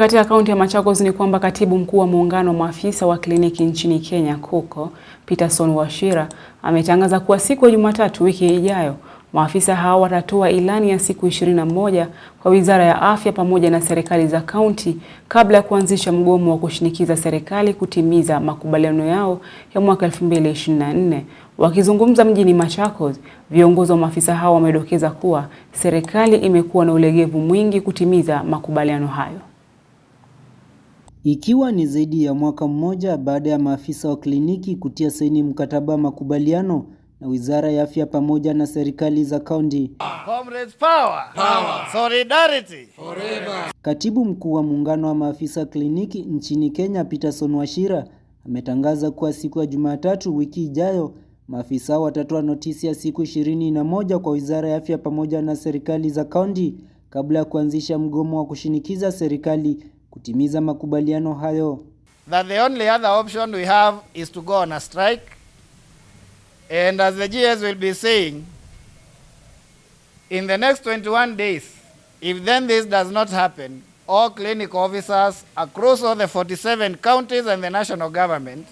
Katika kaunti ya Machakos ni kwamba katibu mkuu wa muungano wa maafisa wa kliniki nchini Kenya KUCO, Peterson Wachira ametangaza kuwa siku ya Jumatatu wiki ijayo maafisa hao watatoa ilani ya siku 21 kwa Wizara ya Afya pamoja na serikali za kaunti kabla ya kuanzisha mgomo wa kushinikiza serikali kutimiza makubaliano yao ya mwaka 2024. Wakizungumza mjini Machakos, viongozi wa maafisa hao wamedokeza kuwa serikali imekuwa na ulegevu mwingi kutimiza makubaliano hayo. Ikiwa ni zaidi ya mwaka mmoja baada ya maafisa wa kliniki kutia saini mkataba wa makubaliano na Wizara ya Afya pamoja na serikali za kaunti. Comrades power. Power. Solidarity. Forever. Katibu mkuu wa muungano wa maafisa kliniki nchini Kenya Peterson washira ametangaza kuwa siku ya Jumatatu wiki ijayo maafisa watatoa notisi ya siku ishirini na moja kwa Wizara ya Afya pamoja na serikali za kaunti kabla ya kuanzisha mgomo wa kushinikiza serikali kutimiza makubaliano hayo. That the only other option we have is to go on a strike. And as the GS will be saying, in the next 21 days, if then this does not happen, all clinic officers across all the 47 counties and the national government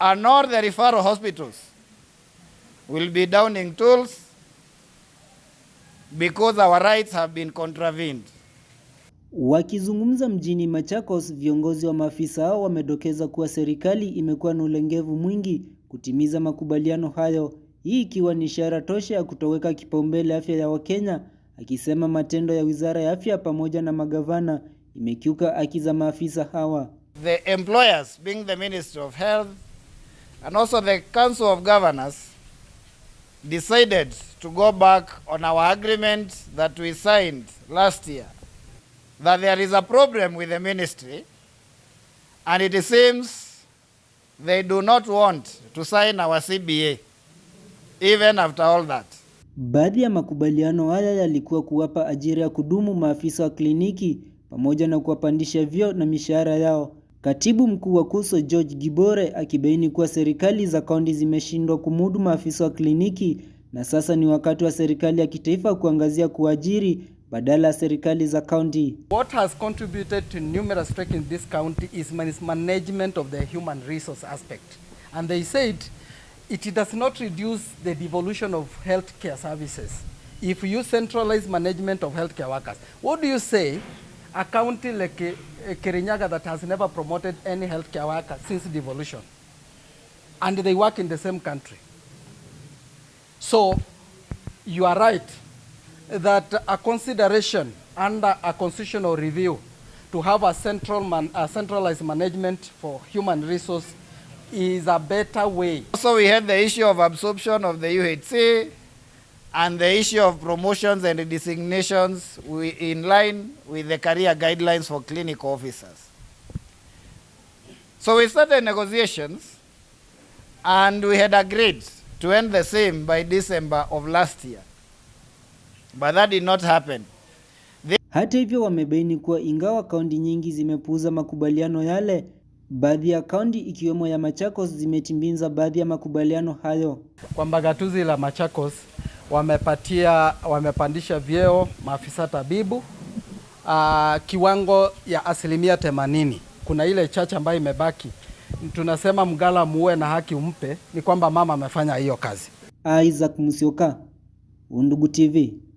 and all the referral hospitals will be downing tools because our rights have been contravened. Wakizungumza mjini Machakos, viongozi wa maafisa hao wamedokeza kuwa serikali imekuwa na ulengevu mwingi kutimiza makubaliano hayo, hii ikiwa ni ishara tosha ya kutoweka kipaumbele afya ya Wakenya, akisema matendo ya Wizara ya Afya pamoja na magavana imekiuka haki za maafisa hawa. The employers being the Ministry of Health and also the Council of Governors decided to go back on our agreement that we signed last year that there is a problem with the ministry and it seems they do not want to sign our CBA even after all that. Baadhi ya makubaliano haya yalikuwa kuwapa ajira ya kudumu maafisa wa kliniki pamoja na kuwapandisha vyo na mishahara yao. Katibu mkuu wa KUSO George Gibore akibaini kuwa serikali za kaunti zimeshindwa kumudu maafisa wa kliniki na sasa ni wakati wa serikali ya kitaifa kuangazia kuajiri badala ya serikali za kaunti. What has contributed to numerous strikes in this county is mismanagement of the human resource aspect. And they said it does not reduce the devolution of healthcare services if you centralize management of healthcare workers. What do you say a county like eh, Kirinyaga that has never promoted any healthcare worker since devolution and they work in the same country? So you are right. that a consideration under a constitutional review to have a, central man, a centralized management for human resource is a better way. Also, we had the issue of absorption of the UHC and the issue of promotions and designations in line with the career guidelines for clinical officers. So we started negotiations and we had agreed to end the same by December of last year. But that did not happen. They... Hata hivyo wamebaini kuwa ingawa kaunti nyingi zimepuuza makubaliano yale, baadhi ya kaunti ikiwemo ya Machakos zimetimbinza baadhi ya makubaliano hayo. Kwamba gatuzi la Machakos wamepatia wamepandisha vyeo maafisa tabibu aa, ah, kiwango ya asilimia themanini. Kuna ile chache ambayo imebaki, tunasema mgala muue na haki umpe, ni kwamba mama amefanya hiyo kazi. Isaac Musioka, Undugu TV.